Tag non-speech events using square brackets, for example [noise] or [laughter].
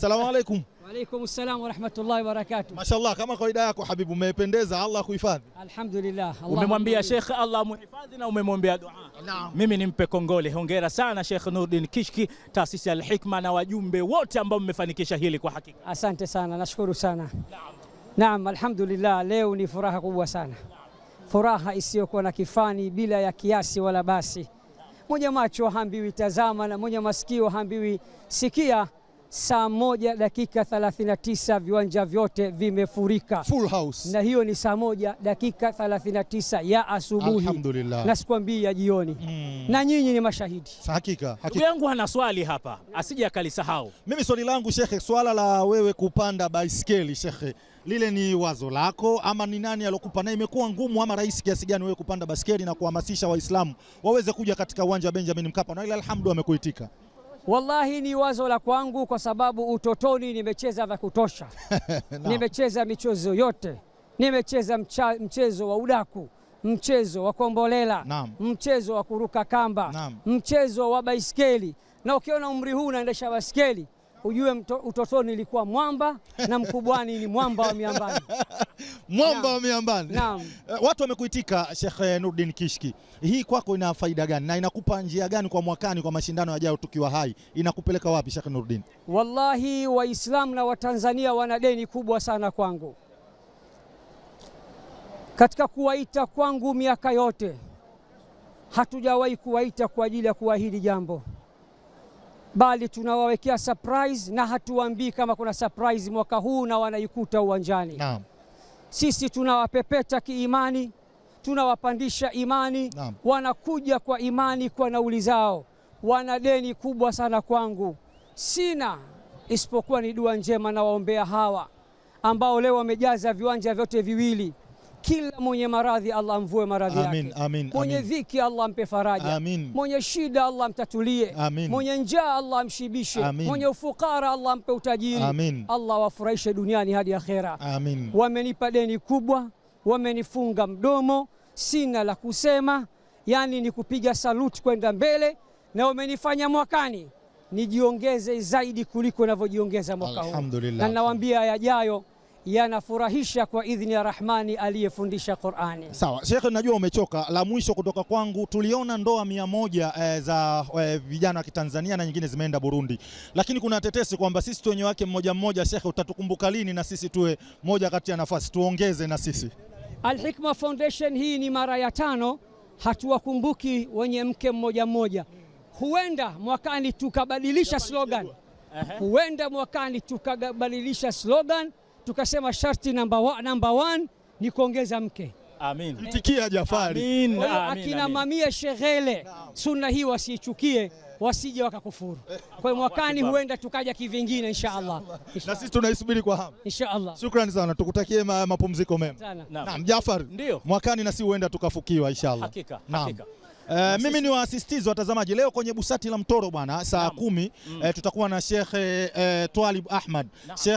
Salamu alaikum. Waalaikum salam warahmatullahi wabarakatuh. Mashallah, kama kawaida yako habibu, umependeza. Allah kuhifadhi. Alhamdulillah. Umemwambia Sheikh Allah muhifadhi na umemwambia dua. Naam. Mimi nimpe kongole, hongera sana Sheikh Nurdin Kishki, taasisi ya Al-Hikma na wajumbe wote ambao mmefanikisha hili kwa hakika. Asante sana, nashukuru sana. Naam. Naam, alhamdulillah, leo ni furaha kubwa sana. Naam. Furaha isiyokuwa na kifani bila ya kiasi wala basi. Mwenye macho haambiwi tazama na mwenye masikio haambiwi sikia saa moja dakika 39 viwanja vyote vimefurika Full house. Na hiyo ni saa moja dakika 39 ya asubuhi, alhamdulillah, na sikwambii ya jioni mm. Na nyinyi ni mashahidi hakika. Ndugu yangu ana swali hapa, asije akalisahau. Mimi swali langu shekhe, swala la wewe kupanda baiskeli shekhe, lile ni wazo lako ama ni nani alokupa, na imekuwa ngumu ama rahisi kiasi gani wewe kupanda baiskeli na kuhamasisha Waislamu waweze kuja katika uwanja wa Benjamin Mkapa, na ile alhamdu amekuitika Wallahi ni wazo la kwangu kwa sababu utotoni nimecheza vya kutosha [laughs] no. Nimecheza michezo yote, nimecheza mcha, mchezo wa udaku, mchezo wa kombolela no. Mchezo wa kuruka kamba no. Mchezo wa baiskeli, na ukiona umri huu unaendesha baiskeli Ujue mto, utotoni ilikuwa mwamba na mkubwani ni mwamba wa miambani [laughs] mwamba wa miambani. Naam, eh, watu wamekuitika. shekhe eh, Nurdin Kishki, hii kwako ina faida gani na inakupa njia gani kwa mwakani, kwa mashindano yajayo tukiwa hai, inakupeleka wapi Shekhe Nurdin? Wallahi, Waislamu na Watanzania wana deni kubwa sana kwangu katika kuwaita kwangu miaka yote hatujawahi kuwaita kwa ajili ya kuahidi jambo bali tunawawekea surprise na hatuwaambii kama kuna surprise mwaka huu na wanaikuta uwanjani. Naam. Sisi tunawapepeta kiimani, tunawapandisha imani. Naam. Wanakuja kwa imani, kwa nauli zao. Wana deni kubwa sana kwangu, sina isipokuwa ni dua njema. na waombea hawa ambao leo wamejaza viwanja vyote viwili. Kila mwenye maradhi Allah amvue maradhi yake, mwenye dhiki Allah ampe faraja amin. Mwenye shida Allah amtatulie amin. Mwenye njaa Allah amshibishe amin. Mwenye ufukara Allah ampe utajiri amin. Allah wafurahishe duniani hadi akhera amin. Wamenipa deni kubwa, wamenifunga mdomo, sina la kusema, yani ni kupiga saluti kwenda mbele, na wamenifanya mwakani nijiongeze zaidi kuliko ninavyojiongeza mwaka huu, na nawaambia yajayo yanafurahisha kwa idhini ya Rahmani aliyefundisha Qur'ani. Sawa shekhe najua umechoka. La mwisho kutoka kwangu, tuliona ndoa mia moja e, za eh, vijana wa Kitanzania na nyingine zimeenda Burundi, lakini kuna tetesi kwamba sisi tu wake mmoja mmoja. shekhe utatukumbuka lini na sisi tuwe moja kati ya nafasi, tuongeze na sisi. Alhikma Foundation hii ni mara ya tano, hatuwakumbuki wenye mke mmoja mmoja. Huenda mwakani tukabadilisha slogan, huenda mwakani tukabadilisha slogan tukasema sharti namba wa, namba one ni kuongeza mke. Amin. Mtikia Jafari. Amin. Akina mamia shegele sunna hii wasiichukie wasije wakakufuru. Kwa hiyo mwakani huenda tukaja kivingine inshaallah. Na sisi tunaisubiri kwa hamu. Inshaallah. Shukrani sana. Tukutakie mapumziko mema. Naam, Jafari. Ndio. Mwakani na sisi huenda tukafukiwa inshaallah. Hakika. Hakika. Uh, mimi ni waasistizi watazamaji leo kwenye busati la mtoro bwana saa kumi mm. uh, tutakuwa na Sheikh uh, Twalib Ahmad